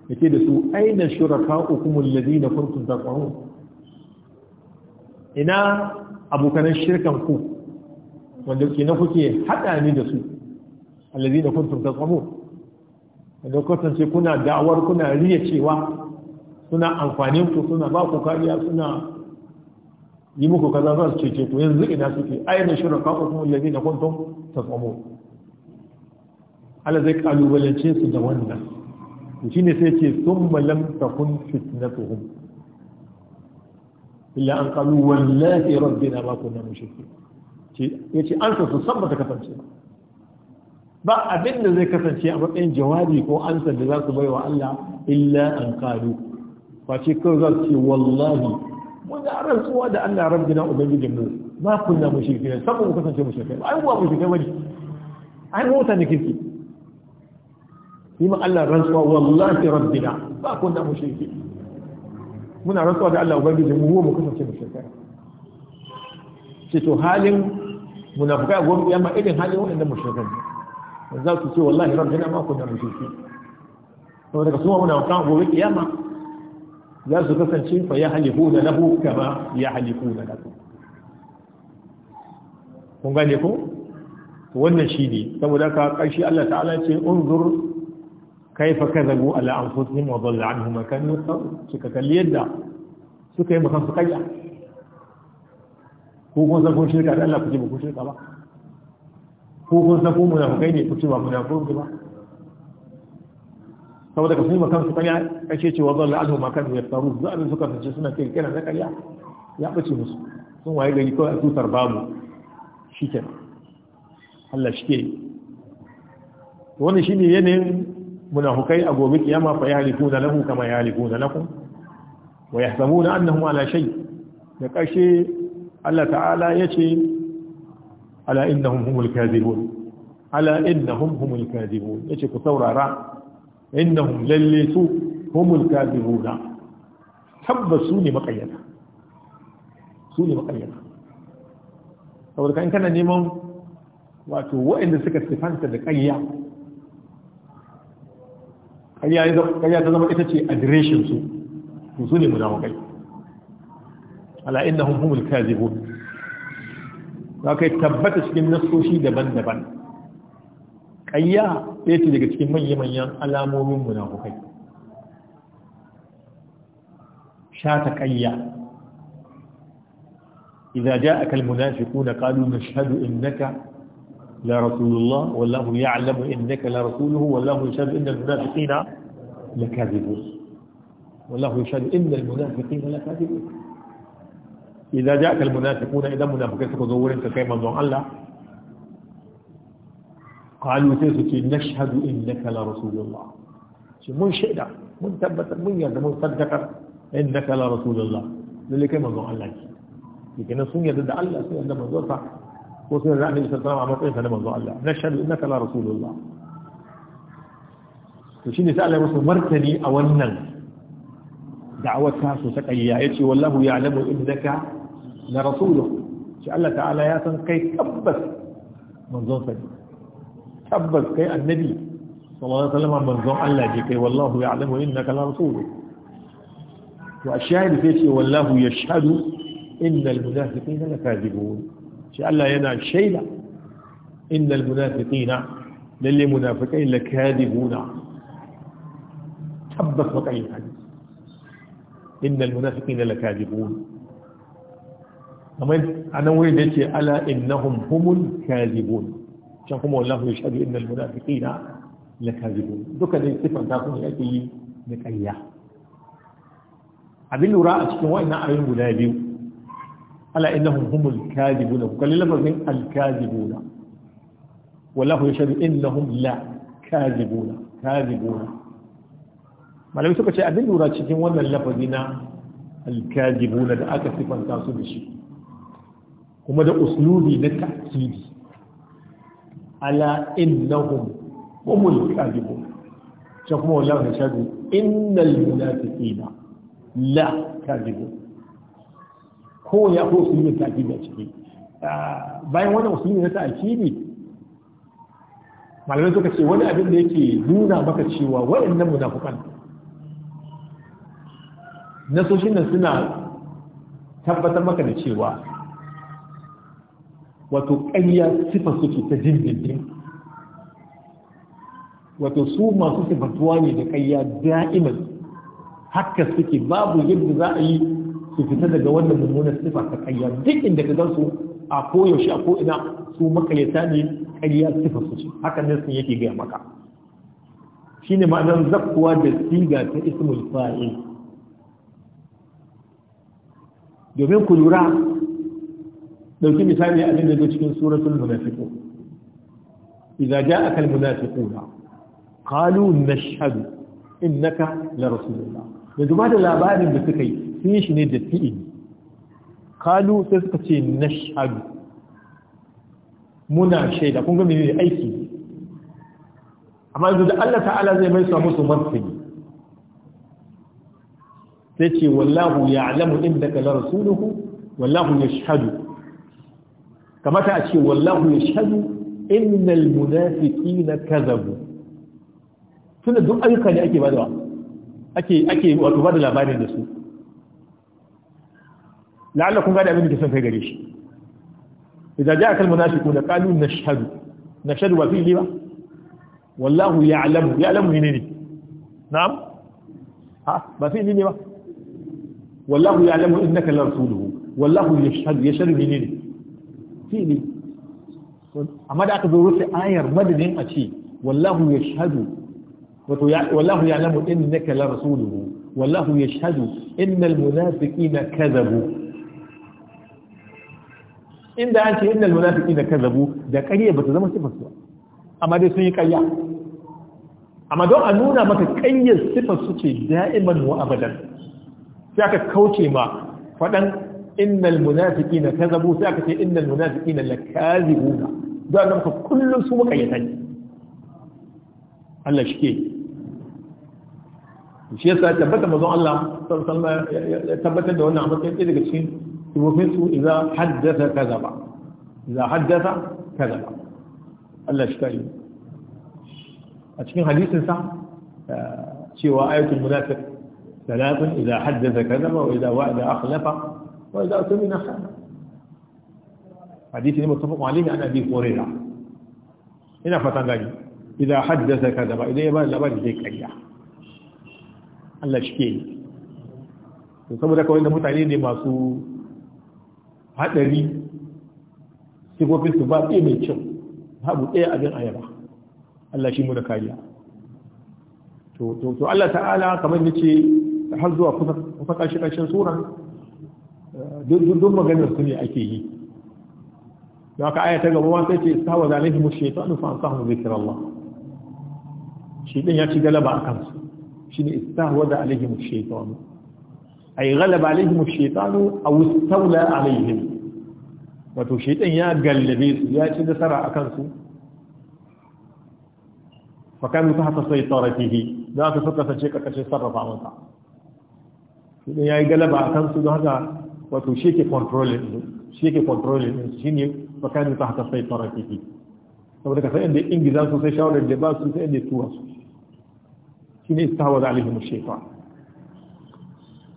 yake da su aina shuraka ukumul ladina kuntum taqawun ina abokanan shirkan ku wanda ke na kuke haɗa ni da su alladina kuntum taqawun wanda kasance kuna da'awar kuna riya cewa suna amfani ku suna ba ku kariya suna yi muku kaza za su cece ku yanzu ina suke ayyana shirin kafa kuma yanzu na kwanton ta tsamo ala zai kalubalance su da wannan shi ne sai ce sun malam ta kun fitnatuhum illa an kalu wallahi rabbina ma kunna mushriki ya ce an su san ba ta kasance ba abin da zai kasance a matsayin jawabi ko ansa da za su bai wa Allah illa an kalu face kawai za su ce wallahi mun da rantsuwa da Allah rabbina ubangijin mu ma kunna mushrikin sabo mu kasance mushrikai ai ba mushrikai bane ai mota ne kike ma Allah rantsuwa wallahi na. ba kunna mushrikin muna rantsuwa da Allah ubangijin mu mu kasance mushrikai ce to halin munafikai gobe kiyama irin halin wannan mushrikai za su ce wallahi na ma kunna mushrikin saboda kuma munafikai gobe kiyama za su kasance fa ya halifu da lahu kama ya halifu da lahu kun gane ko wannan shi ne saboda ka ƙarshe Allah ta'ala ce unzur kaifa kazabu ala anfusihim wa dhalla anhum ma kanu yaftarun suka kalli yadda suka yi makan su kayya ko kun san kun shirka da Allah ku ce ba ku shirka ba ko kun san kun munafukai ne ku ce ba munafukai ba saboda ka sun kansu su kanya kace cewa zalla alhu makan ya taru za abin suka fice suna kai kiran na karya ya bace musu sun waye gari kawai a tutar babu shikenan Allah shi ke wannan shine yanayin munafukai a gobe kiyama fa yalikuna lahu kama yalikuna lakum wa yahsabuna annahum ala shay da kashe Allah ta'ala yace ala innahum humul kadhibun ala innahum humul kadhibun yace ku saurara innahum lalle su humul kafiruna tabbas su ne makayyata su ne makayyata saboda kan kana neman wato waɗanda suka sifanta da ƙarya ƙarya ta zama ita ce adireshin su to su ne munafukai ala innahum humul kazibun za ka tabbata cikin nasoshi daban-daban ƙayya ya ce daga cikin manya-manyan alamomin munafukai shata ƙayya إذا جاءك المنافقون قالوا نشهد إنك لرسول الله والله يعلم إنك لرسوله والله يشهد إن المنافقين لكاذبون والله يشهد إن المنافقين لكاذبون إذا جاءك المنافقون إذا منافقتك ظهور أنت كيما ظهر الله قالوا تسكي نشهد إنك لرسول الله من شئنا من تبت من يد من صدق إنك لرسول الله ذلك ما ذو الله لكن سنة ضد الله سنة من ذو صح وسنة صلى الله عليه وسلم عن من ذو الله نشهد إنك لرسول الله وشين سأل رسول مرتني أولا دعوتها سوسك أيها والله يعلم إنك لرسوله شاء الله تعالى يا سن كي تبت من ذو tabbas kai annabi sallallahu alaihi wasallam manzon Allah ne kai wallahu ya'lamu innaka la rasuluhu to ashhadu sai ce wallahu yashhadu innal munafiqina lakazibun shi Allah yana shaida innal munafiqina lalle munafiqai lakazibuna tabbas wakai innal munafiqina lakazibun kamar anan wurin da yake ala innahum humul kazibun can kuma wallahu yashhadu innal munafiqina lakazibun duka dai sifan ta kuma yake yi na ƙarya abin lura a cikin wa'annan ayoyin guda biyu ala innahum humul kadibuna kullu lafazin al kadibuna wallahu yashhadu innahum la kadibuna kadibuna malami suka ce abin lura cikin wannan lafazi na al kadibuna da aka sifanta su da shi kuma da uslubi na ta'kidi ala innahum humul kadibun ce kuma wallahi na shadu innal munafiqina la kadibun ko ya ko su yi takidi a ciki ah, bayan wannan musulmi ta ta'kidi malamai suka ce wani abin da yake nuna maka cewa waɗannan munafukan nasoshin nan suna tabbatar maka da cewa wato ƙarya sifa suke ta dindindin wato su masu sifatuwa ne da kanya da'iman haka suke babu yadda za a yi su fita daga wannan mummunan sifa ta kanya duk inda ka gansu a koyaushe a ko'ina su makayata ne ƙarya sifa su ce hakan sun yake gaya maka ne ma'anar zafkuwa da siga ta ismul fa'il domin ku lura dauki misali abin da zai cikin suratul munafiqun idza ja'aka al munafiquna qalu nashhadu innaka la rasulullah yanzu ba da labarin da suka yi sun yi shi ne da fi'ili qalu sai suka ce nashhadu muna shaida kun ga menene aiki amma yanzu da Allah ta'ala zai mai sa musu martani sai ce wallahu ya'lamu innaka la rasuluhu wallahu yashhadu kamata a ce wallahu ya shaɗu innal munafiqina kadhabu tunda duk ayyuka ne ake bada ake ake wato bada labarin da su la'alla kun gane abin da san kai gare shi idza na al na shaɗu nashhadu nashhadu wa fi liwa wallahu ya ya ya'lamu ya'lamu menene na'am ha ba fi ne ba wallahu ya'lamu innaka la rasuluhu wallahu yashhadu yashhadu menene fili amma da aka zo wuce ayar madadin a ce wallahu ya yashhadu wato wallahu ya ya'lamu innaka la rasuluhu wallahu ya in yashhadu innal munafiqina kadhabu inda an ce in na innal na kadhabu da ƙarya bata zama sifar su amma dai sun yi ƙarya amma don a nuna maka ƙaryar sifar su ce da'iman wa abadan sai aka kauce ma faɗan إن المنافقين كذبوا ساكتي إن المنافقين لكاذبون ده أنا مخف كل سوء قيتان الله شكي الشيء سأل تبت مضوع الله صلى الله عليه وسلم تبت أنه أنه عمد كيف إذا كتشين إذا حدث كذب إذا حدث كذبا الله شكي أتشكين حديث نساء آه، شواء آية المنافق ثلاث إذا حدث كذب وإذا وعد أخلفه وإذا أتمنى خانا حديث متفق عليه عن أبي هريرة هنا فتنغني إذا حدث كذب إذا يبان لبان زي كريا Allah shi ke yi saboda kawai da mutane ne masu haɗari sifofinsu ba ɗaya mai kyau babu ɗaya abin ayaba Allah shi mu da kariya to Allah ta'ala kamar da ce har zuwa kusa kashi دو دو ما غير سني أكيد لكن آية تجا وما تجي استهود عليهم الشيطان فانصحهم ذكر الله شيء يا شيء غلب عليهم شيء استهود عليهم الشيطان أي غلب عليهم الشيطان أو استولى عليهم وتشيطن يا جلبيس يا شيء سرع أكنس تحت سيطرته لا تفكر تشيك تشيك سرع فعمتا شيء يا غلب عليهم wato shi ke controlling din shi ke controlling din shi ne makani ta haka sai tsara kiki saboda ka san inda ingiza su sai shawarar da ba su sai inda tuwa su shi ne istawar alihim shefa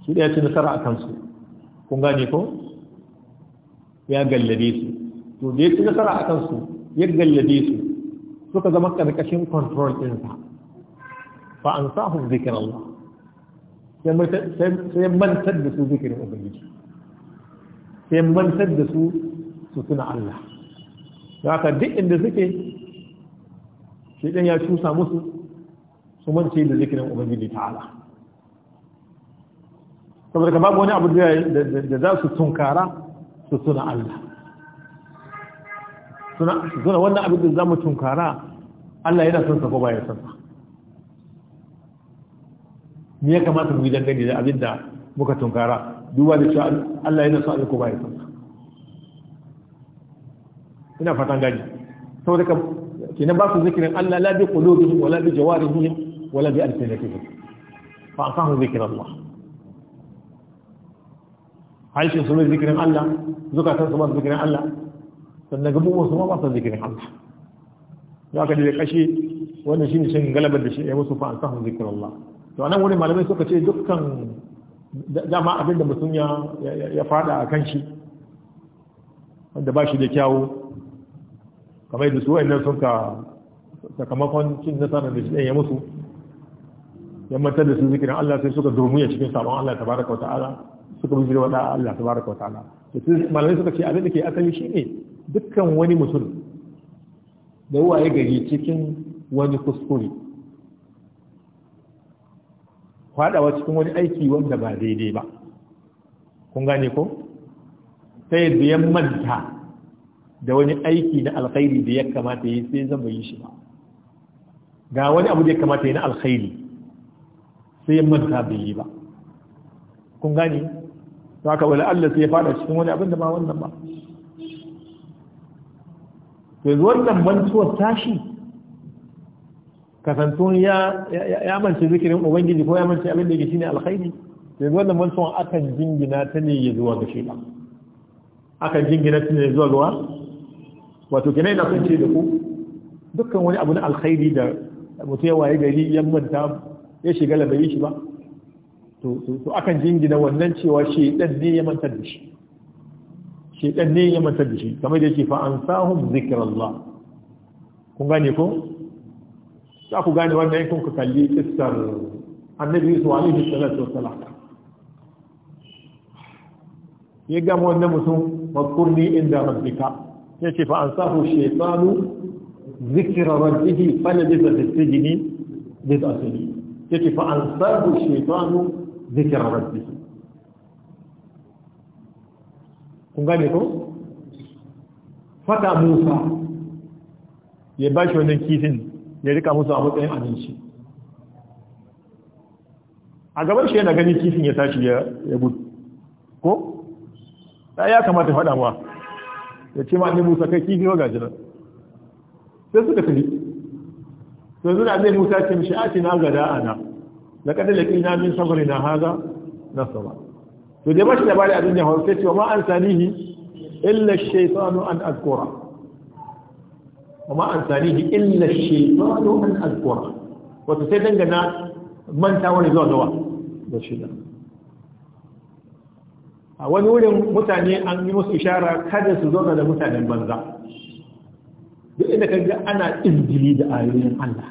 su da ya ci nasara a kansu kun gane ko ya gallabe su to da ya ci nasara a kansu ya gallabe su suka zama karkashin control ɗinsa fa an sahun zikirar Allah sai mantar da su zikirin ubangiji sai mantar da su su suna Allah da haka duk inda suke shi ɗan ya cusa musu su mance da zikirin ubangiji ta'ala saboda ka babu wani abu da za su tunkara su suna Allah suna wannan abin da za mu tunkara Allah yana son sa ko baya son sa me ya kamata mu yi dangane da abin da muka tunkara duba da cewa Allah yana sa ko bai san ina fatan gani saboda ka kenan ba su zikirin Allah la bi qulubihim wala bi jawarihim wala bi alsinatihim fa asahu zikr Allah haishin su zikirin Allah zukatan su ba zikirin Allah sannan gabuwan su ma ba su zikirin Allah za ka da kashi wannan ne shin galabar da shi ya musu fa asahu zikr Allah to anan wani malamai suka ce dukkan dama abin da mutum ya fada a kan shi wanda ba shi da kyawu kamar yadda su wa'annan sun ka sakamakon cin nasarar da shi ya musu yammantar da su zikirin Allah sai suka ya cikin sabon Allah ta baraka wata ala suka bi zirwa da Allah ta baraka wata ala malamai suka ce abin da ke asali shi ne dukkan wani mutum da waye gari cikin wani kuskure faɗawa cikin wani aiki wanda ba daidai ba kun gane ko sai da ya manta da wani aiki na alkhairi da ya kamata yi sai zan bai yi shi ba ga wani abu da ya kamata yi na alkhairi sai ya manta bai yi ba kun gane za ka wala Allah sai ya fada cikin wani abin da ba wannan ba to wannan mantuwar tashi kasantun ya ya mance zikirin ubangiji ko ya mance abin da yake shine alkhairi yanzu wannan a akan jingina ta ne ya zuwa ga shi ba akan jingina ta ne zuwa ga wato kenai da kunce da ku dukkan wani abu na alkhairi da mutum ya waye gari ya manta ya shiga labari shi ba to akan jingina wannan cewa shi dan ne ya manta da shi shi dan ne ya manta da shi kamar da yake fa ansahum zikrallah kun gane ko za ku gane wannan kun ku kalli kissar annabi yusuf alaihi salatu wassalam ya gama wannan mutum makurni inda rabbika ya ce fa an sahu shaytanu zikra rabbihi falabisa fi sijni bid'a asiri. ya ce fa an shekaru zikirar zikra rabbihi kun gane ko fata musa ya bashi wannan kifin ya rika musu a matsayin abinci a gaban shi yana gani kifin ya tashi ya gudu ko ta ya kamata faɗa wa ya ce ma ne musa kai kifi wa gajinan sai suka tafi sai suna zai musa ce mishi ce na gada ana da kada da kina min safari na haza na sama to dai bashi labari abin da hausa ce wa ma an sanihi illa shaitanu an azkura وما أنسانيه إلا الشيطان أن أذكره وتسيدن لنا من تاوني زوجة واحد da shida a wani wurin mutane an yi musu ishara kada su zauna da mutanen banza duk inda ka ga ana izgili da ayoyin Allah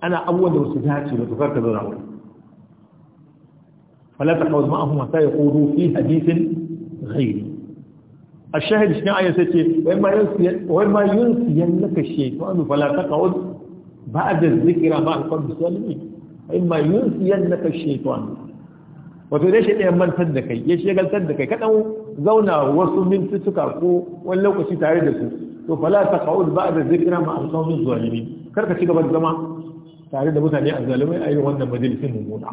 ana abubuwan da su dace da tukar ka zauna wuri fala ta kawai ma'ahu masu ya kudu fi hadisin ghairi a shahid shi ayin sai ce wai ma yin siyan naka shaitanu fala ta kawai ba da zikira ba alƙon wai ma siyan wato shi ɗayan mantar da kai ya da kai kaɗan zauna wasu mintuttuka ko wani lokaci tare da su to fala ba da zikira ma alƙon bisalmi kar ka ci gaba da zama tare da mutane a zalimai a yi wannan majalisin mummuna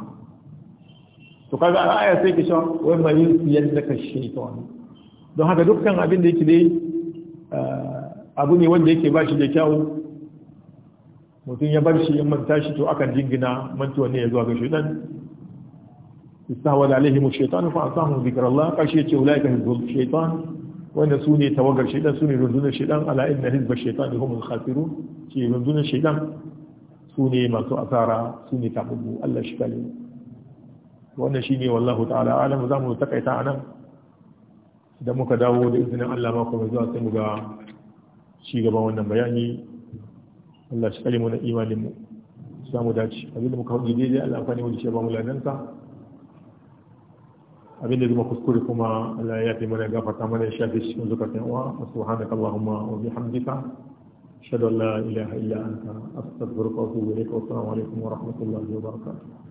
to kaga a aya sai ki sha wai ma yun siyan naka shaitanu don haka dukkan abin da yake dai eh, abu ne wanda yake ba shi da kyau mutum ya bar shi in manta shi to akan jingina mantuwa ne ya zuwa ga shaitan istahwala alaihim ash-shaytan fa asahum dhikrallah kashi yace ulaika hizbul shaitan wanda su ne tawagar shaitan su ne rundunar shaitan ala inna hizba shaitan hum al-khasirun ce rundunar shaitan su ne masu asara su ne tabbu Allah shi kale wannan shine wallahu ta'ala alamu zamu takaita anan da muka dawo da izinin Allah mako mai zuwa sai mu ga ci gaban wannan bayani Allah shi kalimu na imanin mu samu dace abinda muka hau dai Allah amfani mu shi ba mu lanansa abinda zuma kuskure kuma Allah ya fi mana gafarta mana ya shafi shi zukatan uwa subhanaka allahumma wa bihamdika shadu an la ilaha illa anta astaghfiruka wa atubu ilayk wa assalamu alaikum wa rahmatullahi wa barakatuh